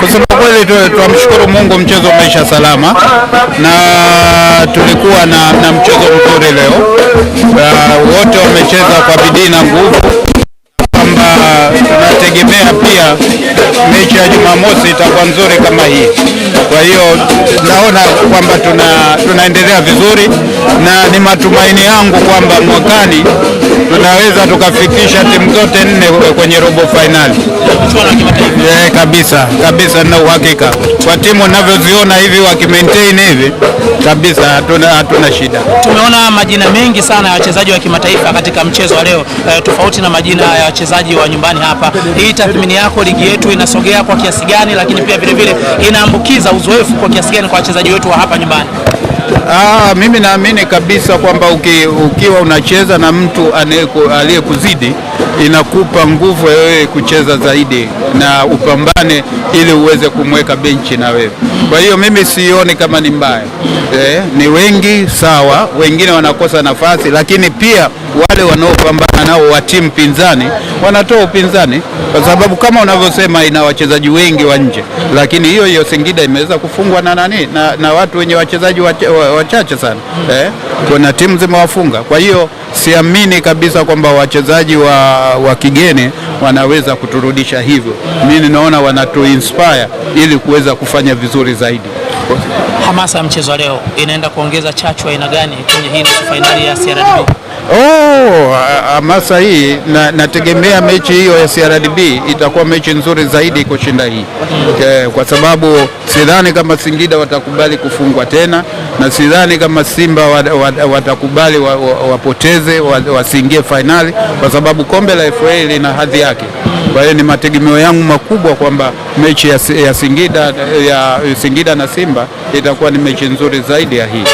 Kusema kweli, tunamshukuru Mungu, mchezo umeisha salama na tulikuwa na, na mchezo mzuri leo. Uh, wote wamecheza kwa bidii na nguvu, kwamba tunategemea pia mechi ya Jumamosi itakuwa nzuri kama hii. Kwa hiyo naona kwamba tuna, tunaendelea vizuri na ni matumaini yangu kwamba mwakani tunaweza tukafikisha timu zote nne kwenye robo fainali. Yeah, kabisa kabisa, na uhakika kwa timu navyoziona hivi wakimaintain hivi kabisa, hatuna hatuna shida. Tumeona majina mengi sana ya wachezaji wa kimataifa katika mchezo wa leo eh, tofauti na majina ya wachezaji wa nyumbani hapa. Hii tathmini yako, ligi yetu inasogea kwa kiasi gani, lakini pia vilevile inaambukiza uzoefu kwa kiasi gani kwa wachezaji wetu wa hapa nyumbani? Aa, ah, mimi naamini kabisa kwamba uki, ukiwa unacheza na mtu aliyekuzidi inakupa nguvu ya wewe kucheza zaidi na upambane ili uweze kumweka benchi na wewe. Kwa hiyo mimi sioni kama ni mbaya eh, ni wengi sawa, wengine wanakosa nafasi, lakini pia wale wanaopambana nao wa timu pinzani wanatoa upinzani, kwa sababu kama unavyosema ina wachezaji wengi wa nje, lakini hiyo hiyo Singida imeweza kufungwa na nani na, na watu wenye wachezaji wachache sana eh, kuna timu zimewafunga kwa hiyo siamini kabisa kwamba wachezaji wa, wa kigeni wanaweza kuturudisha hivyo. Mimi ninaona wanatu inspire ili kuweza kufanya vizuri zaidi. Hamasa ya mchezo leo inaenda kuongeza chachu aina gani kwenye hii nusu fainali ya CRDB? Oh, hamasa hii na, nategemea mechi hiyo ya CRDB itakuwa mechi nzuri zaidi kushinda hii okay, mm. eh, kwa sababu sidhani kama Singida watakubali kufungwa tena na sidhani kama Simba watakubali wapoteze wasiingie fainali kwa sababu kombe la FA lina hadhi yake. Kwa hiyo ni mategemeo yangu makubwa kwamba mechi ya, ya, Singida, ya Singida na Simba itakuwa ni mechi nzuri zaidi ya hii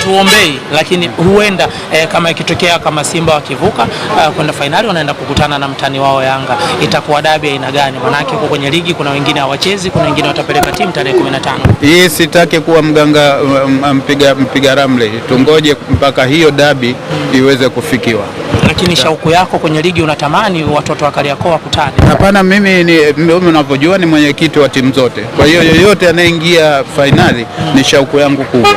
hatuombei, lakini huenda eh, kama ikitokea kama Simba wakivuka eh, kwenda fainali wanaenda kukutana na mtani wao Yanga, itakuwa dabi aina gani? Manake huko kwenye ligi kuna wengine hawachezi, kuna wengine watapeleka timu tarehe 15. Hii sitaki kuwa mganga um, um, mpiga, mpiga ramle, tungoje mpaka hiyo dabi hmm, iweze kufikiwa lakini shauku yako kwenye ligi unatamani watoto wa Kariakoo wakutane? Hapana, mimi ni mimi, unavyojua ni mwenyekiti wa timu zote, kwa hiyo yoyote anayeingia fainali hmm. ni shauku yangu kubwa.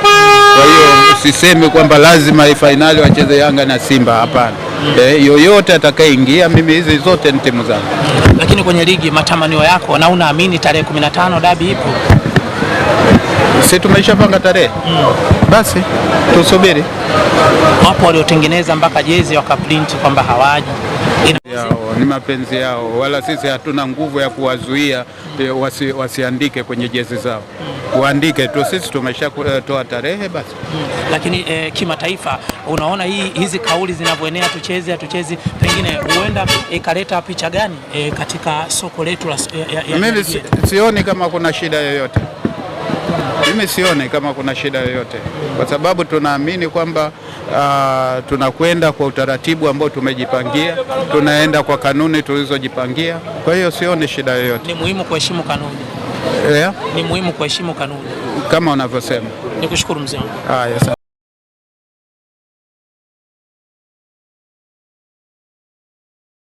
Kwa hiyo usiseme kwamba lazima fainali wacheze Yanga na Simba, hapana. E, yoyote atakayeingia, mimi hizi zote ni timu zangu. Lakini kwenye ligi, matamanio yako na unaamini tarehe 15 dabi ipo? Si tumeshapanga tarehe mm. Basi tusubiri. Wapo waliotengeneza mpaka jezi wakaprint kwamba hawaji yao, ni mapenzi yao, wala sisi hatuna nguvu ya kuwazuia eh, wasi, wasiandike kwenye jezi zao waandike tu, sisi tumeshatoa eh, tarehe basi. Lakini eh, kimataifa unaona hii, hizi kauli zinavyoenea tucheze hatuchezi, pengine huenda ikaleta picha gani eh, katika soko letu la eh, mimi si, sioni kama kuna shida yoyote. Mimi sione kama kuna shida yoyote, kwa sababu tunaamini kwamba ah, tunakwenda kwa utaratibu ambao tumejipangia, tunaenda kwa kanuni tulizojipangia. Kwa hiyo sione shida yoyote. Ni muhimu kuheshimu kanuni. Yeah. Ni muhimu kuheshimu kanuni kama unavyosema. Nikushukuru mzee wangu. Ah, yes.